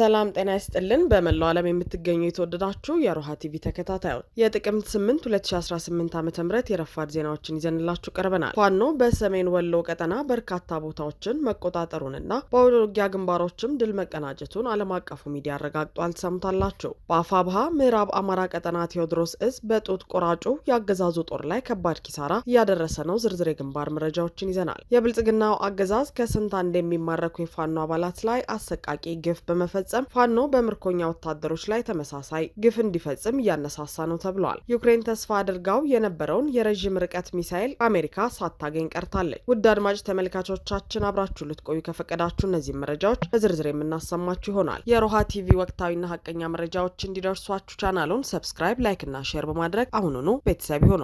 ሰላም ጤና ይስጥልን። በመላው ዓለም የምትገኙ የተወደዳችሁ የሮሃ ቲቪ ተከታታዮች የጥቅምት 8 2018 ዓ ም የረፋድ ዜናዎችን ይዘንላችሁ ቀርበናል። ፋኖ በሰሜን ወሎ ቀጠና በርካታ ቦታዎችን መቆጣጠሩንና በአውደ ውጊያ ግንባሮችም ድል መቀናጀቱን ዓለም አቀፉ ሚዲያ አረጋግጧል። ሰምታላችሁ። በአፋብሃ ምዕራብ አማራ ቀጠና ቴዎድሮስ እዝ በጡት ቆራጩ የአገዛዙ ጦር ላይ ከባድ ኪሳራ እያደረሰ ነው። ዝርዝር የግንባር መረጃዎችን ይዘናል። የብልጽግናው አገዛዝ ከስንት አንድ የሚማረኩ የፋኖ አባላት ላይ አሰቃቂ ግፍ በመፈጸም እንዲፈጸም ፋኖ በምርኮኛ ወታደሮች ላይ ተመሳሳይ ግፍ እንዲፈጽም እያነሳሳ ነው ተብሏል። ዩክሬን ተስፋ አድርጋው የነበረውን የረዥም ርቀት ሚሳይል አሜሪካ ሳታገኝ ቀርታለች። ውድ አድማጭ ተመልካቾቻችን አብራችሁ ልትቆዩ ከፈቀዳችሁ እነዚህ መረጃዎች በዝርዝር የምናሰማችሁ ይሆናል። የሮሃ ቲቪ ወቅታዊና ሀቀኛ መረጃዎች እንዲደርሷችሁ ቻናሉን ሰብስክራይብ፣ ላይክ እና ሼር በማድረግ አሁኑኑ ቤተሰብ ይሁኑ።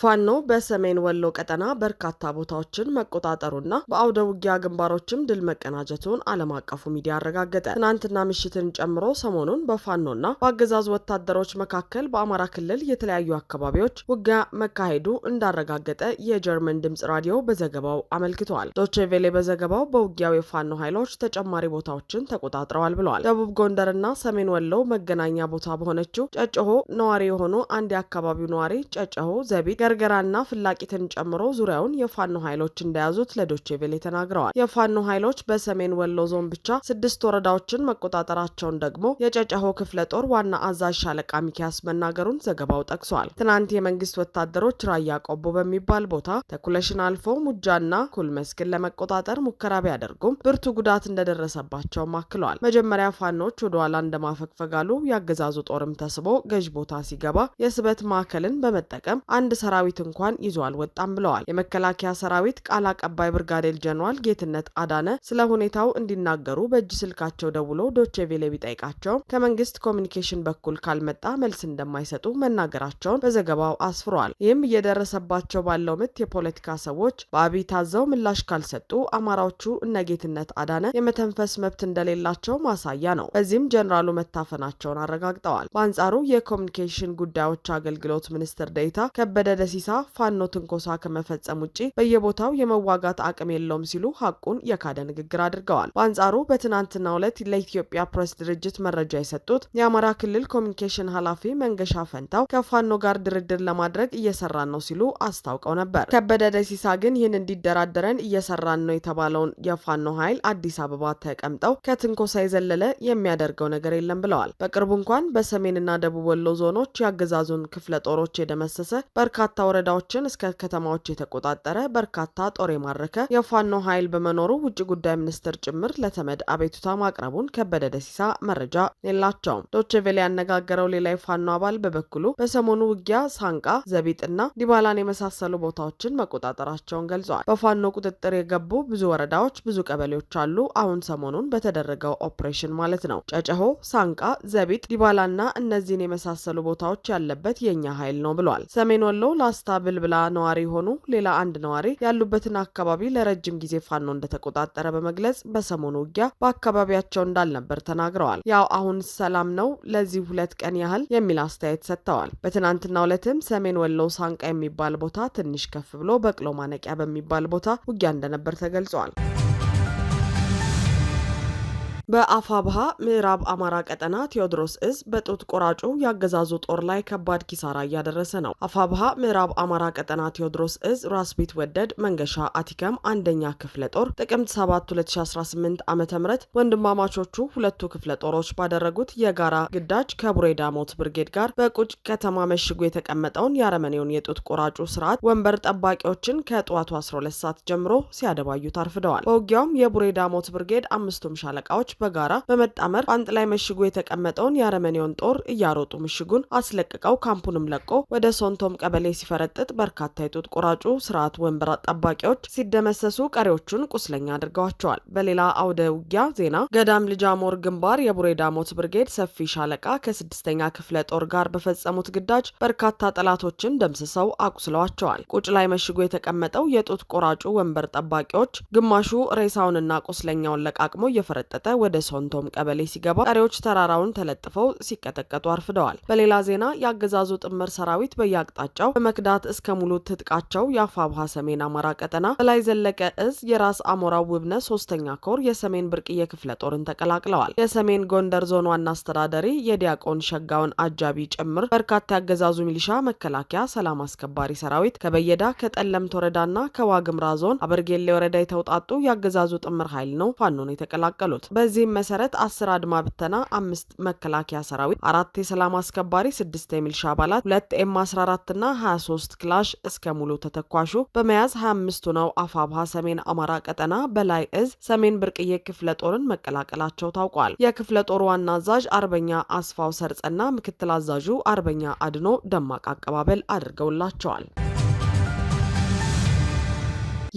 ፋኖ በሰሜን ወሎ ቀጠና በርካታ ቦታዎችን መቆጣጠሩና በአውደ ውጊያ ግንባሮችም ድል መቀናጀቱን ዓለም አቀፉ ሚዲያ አረጋገጠ። ትናንትና ምሽትን ጨምሮ ሰሞኑን በፋኖና በአገዛዙ ወታደሮች መካከል በአማራ ክልል የተለያዩ አካባቢዎች ውጊያ መካሄዱ እንዳረጋገጠ የጀርመን ድምጽ ራዲዮ በዘገባው አመልክተዋል። ዶቼ ቬሌ በዘገባው በውጊያው የፋኖ ኃይሎች ተጨማሪ ቦታዎችን ተቆጣጥረዋል ብለዋል። ደቡብ ጎንደርና ሰሜን ወሎ መገናኛ ቦታ በሆነችው ጨጨሆ ነዋሪ የሆኑ አንድ የአካባቢው ነዋሪ ጨጨሆ ዘቢት ገርገራና ፍላቂትን ጨምሮ ዙሪያውን የፋኖ ኃይሎች እንደያዙት ለዶቼቬሌ ቬሌ ተናግረዋል። የፋኖ ኃይሎች በሰሜን ወሎ ዞን ብቻ ስድስት ወረዳዎችን መቆጣጠራቸውን ደግሞ የጨጨሆ ክፍለ ጦር ዋና አዛዥ ሻለቃ ሚኪያስ መናገሩን ዘገባው ጠቅሷል። ትናንት የመንግስት ወታደሮች ራያ ቆቦ በሚባል ቦታ ተኩለሽን አልፎ ሙጃና ኩልመስክን ለመቆጣጠር ሙከራ ቢያደርጉም ብርቱ ጉዳት እንደደረሰባቸውም አክለዋል። መጀመሪያ ፋኖች ወደ ኋላ እንደማፈግፈጋሉ ያገዛዙ ጦርም ተስቦ ገዥ ቦታ ሲገባ የስበት ማዕከልን በመጠቀም አንድ ሰራ ሰራዊት እንኳን ይዞ አልወጣም ብለዋል። የመከላከያ ሰራዊት ቃል አቀባይ ብርጋዴር ጀኔራል ጌትነት አዳነ ስለ ሁኔታው እንዲናገሩ በእጅ ስልካቸው ደውሎ ዶቼ ቬለ ቢጠይቃቸው ከመንግስት ኮሚኒኬሽን በኩል ካልመጣ መልስ እንደማይሰጡ መናገራቸውን በዘገባው አስፍሯል። ይህም እየደረሰባቸው ባለው ምት የፖለቲካ ሰዎች በአብይ ታዘው ምላሽ ካልሰጡ አማራዎቹ እነ ጌትነት አዳነ የመተንፈስ መብት እንደሌላቸው ማሳያ ነው። በዚህም ጀኔራሉ መታፈናቸውን አረጋግጠዋል። በአንጻሩ የኮሚኒኬሽን ጉዳዮች አገልግሎት ሚኒስትር ዴኤታ ከበደ ደሲሳ ፋኖ ትንኮሳ ከመፈጸም ውጭ በየቦታው የመዋጋት አቅም የለውም ሲሉ ሀቁን የካደ ንግግር አድርገዋል። በአንጻሩ በትናንትናው ዕለት ለኢትዮጵያ ፕሬስ ድርጅት መረጃ የሰጡት የአማራ ክልል ኮሚኒኬሽን ኃላፊ መንገሻ ፈንታው ከፋኖ ጋር ድርድር ለማድረግ እየሰራን ነው ሲሉ አስታውቀው ነበር። ከበደ ደሲሳ ግን ይህን እንዲደራደረን እየሰራን ነው የተባለውን የፋኖ ኃይል አዲስ አበባ ተቀምጠው ከትንኮሳ የዘለለ የሚያደርገው ነገር የለም ብለዋል። በቅርቡ እንኳን በሰሜንና ደቡብ ወሎ ዞኖች ያገዛዙን ክፍለ ጦሮች የደመሰሰ በርካታ በርካታ ወረዳዎችን እስከ ከተማዎች የተቆጣጠረ በርካታ ጦር የማረከ የፋኖ ኃይል በመኖሩ ውጭ ጉዳይ ሚኒስትር ጭምር ለተመድ አቤቱታ ማቅረቡን ከበደ ደሲሳ መረጃ የላቸውም። ዶችቬል ያነጋገረው ሌላ የፋኖ አባል በበኩሉ በሰሞኑ ውጊያ ሳንቃ ዘቢጥና ዲባላን የመሳሰሉ ቦታዎችን መቆጣጠራቸውን ገልጿል። በፋኖ ቁጥጥር የገቡ ብዙ ወረዳዎች፣ ብዙ ቀበሌዎች አሉ። አሁን ሰሞኑን በተደረገው ኦፕሬሽን ማለት ነው። ጨጨሆ፣ ሳንቃ፣ ዘቢጥ፣ ዲባላና እነዚህን የመሳሰሉ ቦታዎች ያለበት የእኛ ኃይል ነው ብሏል። ሰሜን ወሎ ላስታ ብልብላ ነዋሪ የሆኑ ሌላ አንድ ነዋሪ ያሉበትን አካባቢ ለረጅም ጊዜ ፋኖ እንደተቆጣጠረ በመግለጽ በሰሞኑ ውጊያ በአካባቢያቸው እንዳልነበር ተናግረዋል። ያው አሁን ሰላም ነው ለዚህ ሁለት ቀን ያህል የሚል አስተያየት ሰጥተዋል። በትናንትናው ዕለትም ሰሜን ወሎ ሳንቃ የሚባል ቦታ ትንሽ ከፍ ብሎ በቅሎ ማነቂያ በሚባል ቦታ ውጊያ እንደነበር ተገልጿል። በአፋብሃ ምዕራብ አማራ ቀጠና ቴዎድሮስ እዝ በጡት ቆራጩ የአገዛዙ ጦር ላይ ከባድ ኪሳራ እያደረሰ ነው። አፋብሃ ምዕራብ አማራ ቀጠና ቴዎድሮስ እዝ ራስ ቢት ወደድ መንገሻ አቲከም አንደኛ ክፍለ ጦር ጥቅምት 7 2018 ዓ ም ወንድማማቾቹ ሁለቱ ክፍለ ጦሮች ባደረጉት የጋራ ግዳጅ ከቡሬ ዳሞት ብርጌድ ጋር በቁጭ ከተማ መሽጎ የተቀመጠውን የአረመኔውን የጡት ቆራጩ ስርዓት ወንበር ጠባቂዎችን ከጠዋቱ 12 ሰዓት ጀምሮ ሲያደባዩ ታርፍደዋል። በውጊያውም የቡሬ ዳሞት ብርጌድ አምስቱም ሻለቃዎች በጋራ በመጣመር በአንድ ላይ መሽጎ የተቀመጠውን የአረመኔውን ጦር እያሮጡ ምሽጉን አስለቅቀው ካምፑንም ለቆ ወደ ሶንቶም ቀበሌ ሲፈረጥጥ በርካታ የጡት ቆራጩ ስርዓት ወንበር ጠባቂዎች ሲደመሰሱ ቀሪዎቹን ቁስለኛ አድርገዋቸዋል። በሌላ አውደ ውጊያ ዜና ገዳም ልጃሞር ግንባር የቡሬ ዳሞት ብርጌድ ሰፊ ሻለቃ ከስድስተኛ ክፍለ ጦር ጋር በፈጸሙት ግዳጅ በርካታ ጠላቶችን ደምስሰው አቁስለዋቸዋል። ቁጭ ላይ መሽጎ የተቀመጠው የጡት ቆራጩ ወንበር ጠባቂዎች ግማሹ ሬሳውንና ቁስለኛውን ለቃቅሞ እየፈረጠጠ ወደ ሶንቶም ቀበሌ ሲገባ ቀሪዎች ተራራውን ተለጥፈው ሲቀጠቀጡ አርፍደዋል። በሌላ ዜና የአገዛዙ ጥምር ሰራዊት በየአቅጣጫው በመክዳት እስከ ሙሉ ትጥቃቸው የአፋብሃ ሰሜን አማራ ቀጠና በላይ ዘለቀ እዝ የራስ አሞራ ውብነ ሶስተኛ ኮር የሰሜን ብርቅዬ ክፍለ ጦርን ተቀላቅለዋል። የሰሜን ጎንደር ዞን ዋና አስተዳደሪ የዲያቆን ሸጋውን አጃቢ ጭምር በርካታ ያገዛዙ ሚሊሻ፣ መከላከያ፣ ሰላም አስከባሪ ሰራዊት ከበየዳ ከጠለምት ወረዳና ከዋግምራ ዞን አበርጌሌ ወረዳ የተውጣጡ የአገዛዙ ጥምር ኃይል ነው ፋኖን የተቀላቀሉት። በዚህም መሰረት አስር አድማ ብተና፣ አምስት መከላከያ ሰራዊት፣ አራት የሰላም አስከባሪ፣ ስድስት የሚልሻ አባላት፣ ሁለት ኤም 14 እና 23 ክላሽ እስከ ሙሉ ተተኳሹ በመያዝ 25ቱ ነው አፋብሃ ሰሜን አማራ ቀጠና በላይ እዝ ሰሜን ብርቅዬ ክፍለ ጦርን መቀላቀላቸው ታውቋል። የክፍለ ጦር ዋና አዛዥ አርበኛ አስፋው ሰርጸና ምክትል አዛዡ አርበኛ አድኖ ደማቅ አቀባበል አድርገውላቸዋል።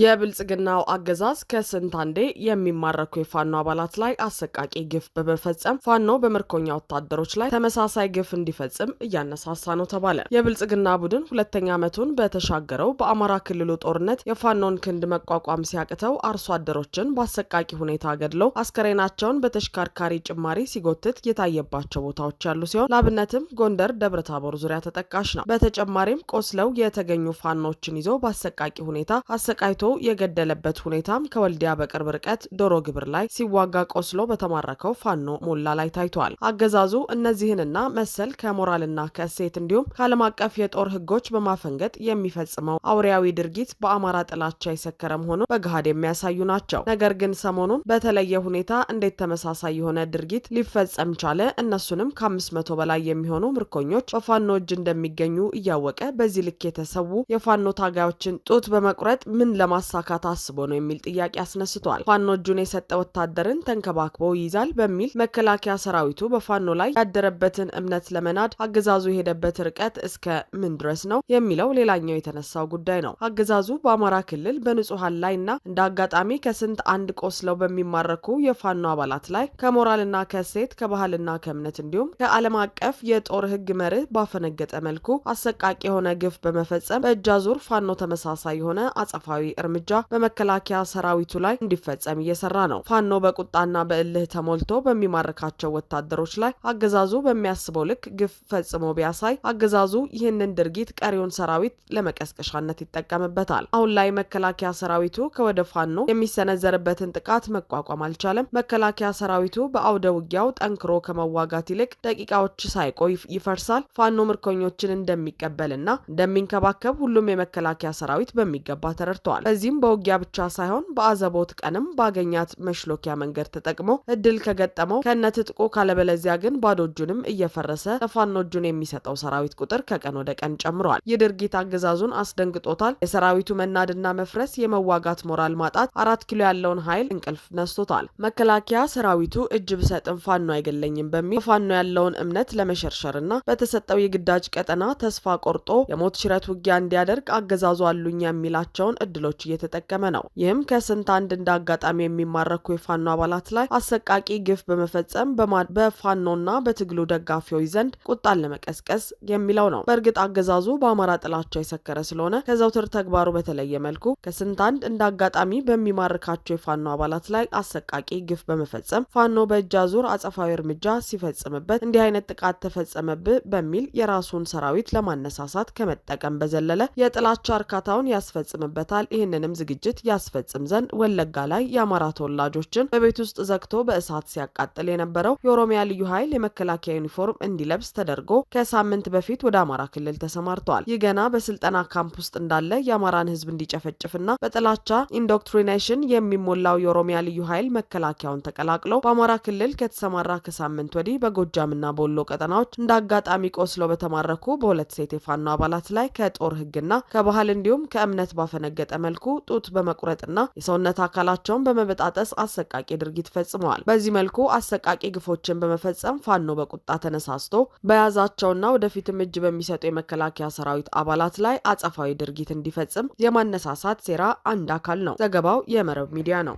የብልጽግናው አገዛዝ ከስንት አንዴ የሚማረኩ የፋኖ አባላት ላይ አሰቃቂ ግፍ በመፈጸም ፋኖ በምርኮኛ ወታደሮች ላይ ተመሳሳይ ግፍ እንዲፈጽም እያነሳሳ ነው ተባለ። የብልጽግና ቡድን ሁለተኛ ዓመቱን በተሻገረው በአማራ ክልሉ ጦርነት የፋኖን ክንድ መቋቋም ሲያቅተው አርሶ አደሮችን በአሰቃቂ ሁኔታ ገድለው አስከሬናቸውን በተሽከርካሪ ጭማሪ ሲጎትት የታየባቸው ቦታዎች ያሉ ሲሆን ለአብነትም ጎንደር ደብረታቦር ዙሪያ ተጠቃሽ ነው። በተጨማሪም ቆስለው የተገኙ ፋኖችን ይዞ በአሰቃቂ ሁኔታ አሰቃይቶ መትቶ የገደለበት ሁኔታም ከወልዲያ በቅርብ ርቀት ዶሮ ግብር ላይ ሲዋጋ ቆስሎ በተማረከው ፋኖ ሞላ ላይ ታይቷል። አገዛዙ እነዚህንና መሰል ከሞራልና ከእሴት እንዲሁም ከዓለም አቀፍ የጦር ሕጎች በማፈንገጥ የሚፈጽመው አውሪያዊ ድርጊት በአማራ ጥላቻ የሰከረ መሆኑን በገሃድ የሚያሳዩ ናቸው። ነገር ግን ሰሞኑን በተለየ ሁኔታ እንዴት ተመሳሳይ የሆነ ድርጊት ሊፈጸም ቻለ? እነሱንም ከአምስት መቶ በላይ የሚሆኑ ምርኮኞች በፋኖ እጅ እንደሚገኙ እያወቀ በዚህ ልክ የተሰዉ የፋኖ ታጋዮችን ጡት በመቁረጥ ምን ለማ ለማሳካት አስቦ ነው የሚል ጥያቄ አስነስቷል። ፋኖ እጁን የሰጠ ወታደርን ተንከባክቦ ይይዛል በሚል መከላከያ ሰራዊቱ በፋኖ ላይ ያደረበትን እምነት ለመናድ አገዛዙ የሄደበት ርቀት እስከ ምን ድረስ ነው የሚለው ሌላኛው የተነሳው ጉዳይ ነው። አገዛዙ በአማራ ክልል በንጹሐን ላይ እና እንደ አጋጣሚ ከስንት አንድ ቆስለው በሚማረኩ የፋኖ አባላት ላይ ከሞራልና ከሴት ከባህልና ከእምነት እንዲሁም ከዓለም አቀፍ የጦር ሕግ መርህ ባፈነገጠ መልኩ አሰቃቂ የሆነ ግፍ በመፈጸም በእጃ ዙር ፋኖ ተመሳሳይ የሆነ አጸፋዊ እርምጃ በመከላከያ ሰራዊቱ ላይ እንዲፈጸም እየሰራ ነው። ፋኖ በቁጣና በእልህ ተሞልቶ በሚማርካቸው ወታደሮች ላይ አገዛዙ በሚያስበው ልክ ግፍ ፈጽሞ ቢያሳይ አገዛዙ ይህንን ድርጊት ቀሪውን ሰራዊት ለመቀስቀሻነት ይጠቀምበታል። አሁን ላይ መከላከያ ሰራዊቱ ከወደ ፋኖ የሚሰነዘርበትን ጥቃት መቋቋም አልቻለም። መከላከያ ሰራዊቱ በአውደ ውጊያው ጠንክሮ ከመዋጋት ይልቅ ደቂቃዎች ሳይቆይ ይፈርሳል። ፋኖ ምርኮኞችን እንደሚቀበልና እንደሚንከባከብ ሁሉም የመከላከያ ሰራዊት በሚገባ ተረድተዋል። በዚህም በውጊያ ብቻ ሳይሆን በአዘቦት ቀንም ባገኛት መሽሎኪያ መንገድ ተጠቅሞ እድል ከገጠመው ከነ ትጥቁ ካለበለዚያ ግን ባዶ እጁንም እየፈረሰ ለፋኖ እጁን የሚሰጠው ሰራዊት ቁጥር ከቀን ወደ ቀን ጨምሯል። ይህ ድርጊት አገዛዙን አስደንግጦታል። የሰራዊቱ መናድና መፍረስ፣ የመዋጋት ሞራል ማጣት አራት ኪሎ ያለውን ኃይል እንቅልፍ ነስቶታል። መከላከያ ሰራዊቱ እጅ ብሰጥም ፋኖ አይገለኝም በሚል ፋኖ ያለውን እምነት ለመሸርሸርና በተሰጠው የግዳጅ ቀጠና ተስፋ ቆርጦ የሞት ሽረት ውጊያ እንዲያደርግ አገዛዙ አሉኝ የሚላቸውን እድሎች እየተጠቀመ ነው። ይህም ከስንት አንድ እንደ አጋጣሚ የሚማረኩ የፋኖ አባላት ላይ አሰቃቂ ግፍ በመፈጸም በፋኖና በትግሉ ደጋፊዎች ዘንድ ቁጣን ለመቀስቀስ የሚለው ነው። በእርግጥ አገዛዙ በአማራ ጥላቻ የሰከረ ስለሆነ ከዘውትር ተግባሩ በተለየ መልኩ ከስንት አንድ እንደ አጋጣሚ በሚማርካቸው የፋኖ አባላት ላይ አሰቃቂ ግፍ በመፈጸም ፋኖ በእጅ አዙር አጸፋዊ እርምጃ ሲፈጽምበት እንዲህ አይነት ጥቃት ተፈጸመብህ በሚል የራሱን ሰራዊት ለማነሳሳት ከመጠቀም በዘለለ የጥላቻ እርካታውን ያስፈጽምበታል። ይህን ይህንንም ዝግጅት ያስፈጽም ዘንድ ወለጋ ላይ የአማራ ተወላጆችን በቤት ውስጥ ዘግቶ በእሳት ሲያቃጥል የነበረው የኦሮሚያ ልዩ ኃይል የመከላከያ ዩኒፎርም እንዲለብስ ተደርጎ ከሳምንት በፊት ወደ አማራ ክልል ተሰማርተዋል። ይህ ገና በስልጠና ካምፕ ውስጥ እንዳለ የአማራን ህዝብ እንዲጨፈጭፍና በጥላቻ ኢንዶክትሪኔሽን የሚሞላው የኦሮሚያ ልዩ ኃይል መከላከያውን ተቀላቅሎ በአማራ ክልል ከተሰማራ ከሳምንት ወዲህ በጎጃምና በወሎ ቀጠናዎች እንደ አጋጣሚ ቆስለው በተማረኩ በሁለት ሴት የፋኖ አባላት ላይ ከጦር ህግና ከባህል እንዲሁም ከእምነት ባፈነገጠ መልኩ መልኩ ጡት በመቁረጥና የሰውነት አካላቸውን በመበጣጠስ አሰቃቂ ድርጊት ፈጽመዋል። በዚህ መልኩ አሰቃቂ ግፎችን በመፈጸም ፋኖ በቁጣ ተነሳስቶ በያዛቸውና ወደፊትም እጅ በሚሰጡ የመከላከያ ሰራዊት አባላት ላይ አጸፋዊ ድርጊት እንዲፈጽም የማነሳሳት ሴራ አንድ አካል ነው። ዘገባው የመረብ ሚዲያ ነው።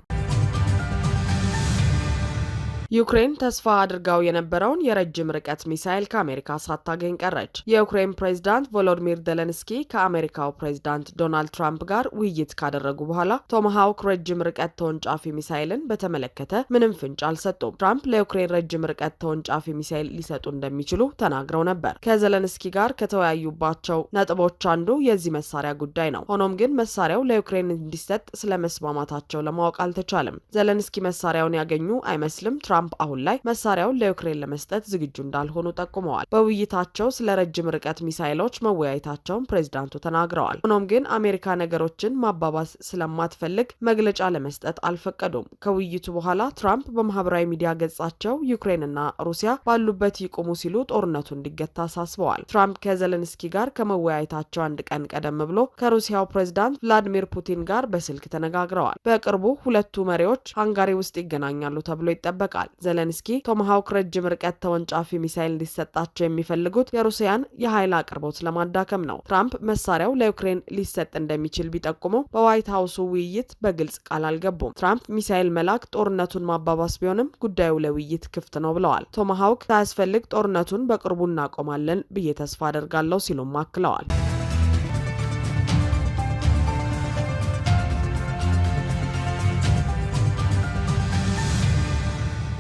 ዩክሬን ተስፋ አድርጋው የነበረውን የረጅም ርቀት ሚሳይል ከአሜሪካ ሳታገኝ ቀረች። የዩክሬን ፕሬዚዳንት ቮሎዲሚር ዘለንስኪ ከአሜሪካው ፕሬዚዳንት ዶናልድ ትራምፕ ጋር ውይይት ካደረጉ በኋላ ቶማሃውክ ረጅም ርቀት ተወንጫፊ ሚሳይልን በተመለከተ ምንም ፍንጭ አልሰጡም። ትራምፕ ለዩክሬን ረጅም ርቀት ተወንጫፊ ሚሳይል ሊሰጡ እንደሚችሉ ተናግረው ነበር። ከዘለንስኪ ጋር ከተወያዩባቸው ነጥቦች አንዱ የዚህ መሳሪያ ጉዳይ ነው። ሆኖም ግን መሳሪያው ለዩክሬን እንዲሰጥ ስለ መስማማታቸው ለማወቅ አልተቻለም። ዘለንስኪ መሳሪያውን ያገኙ አይመስልም። ትራምፕ ትራምፕ አሁን ላይ መሳሪያውን ለዩክሬን ለመስጠት ዝግጁ እንዳልሆኑ ጠቁመዋል። በውይይታቸው ስለ ረጅም ርቀት ሚሳይሎች መወያየታቸውን ፕሬዚዳንቱ ተናግረዋል። ሆኖም ግን አሜሪካ ነገሮችን ማባባስ ስለማትፈልግ መግለጫ ለመስጠት አልፈቀዱም። ከውይይቱ በኋላ ትራምፕ በማህበራዊ ሚዲያ ገጻቸው ዩክሬንና ሩሲያ ባሉበት ይቁሙ ሲሉ ጦርነቱ እንዲገታ አሳስበዋል። ትራምፕ ከዘለንስኪ ጋር ከመወያየታቸው አንድ ቀን ቀደም ብሎ ከሩሲያው ፕሬዝዳንት ቭላዲሚር ፑቲን ጋር በስልክ ተነጋግረዋል። በቅርቡ ሁለቱ መሪዎች ሃንጋሪ ውስጥ ይገናኛሉ ተብሎ ይጠበቃል። ተናግረዋል። ዘለንስኪ ቶማሃውክ ረጅም ርቀት ተወንጫፊ ሚሳይል እንዲሰጣቸው የሚፈልጉት የሩሲያን የኃይል አቅርቦት ለማዳከም ነው። ትራምፕ መሳሪያው ለዩክሬን ሊሰጥ እንደሚችል ቢጠቁሙ በዋይት ሀውሱ ውይይት በግልጽ ቃል አልገቡም። ትራምፕ ሚሳይል መላክ ጦርነቱን ማባባስ ቢሆንም ጉዳዩ ለውይይት ክፍት ነው ብለዋል። ቶማሃውክ ሳያስፈልግ ጦርነቱን በቅርቡ እናቆማለን ብዬ ተስፋ አደርጋለሁ ሲሉም አክለዋል።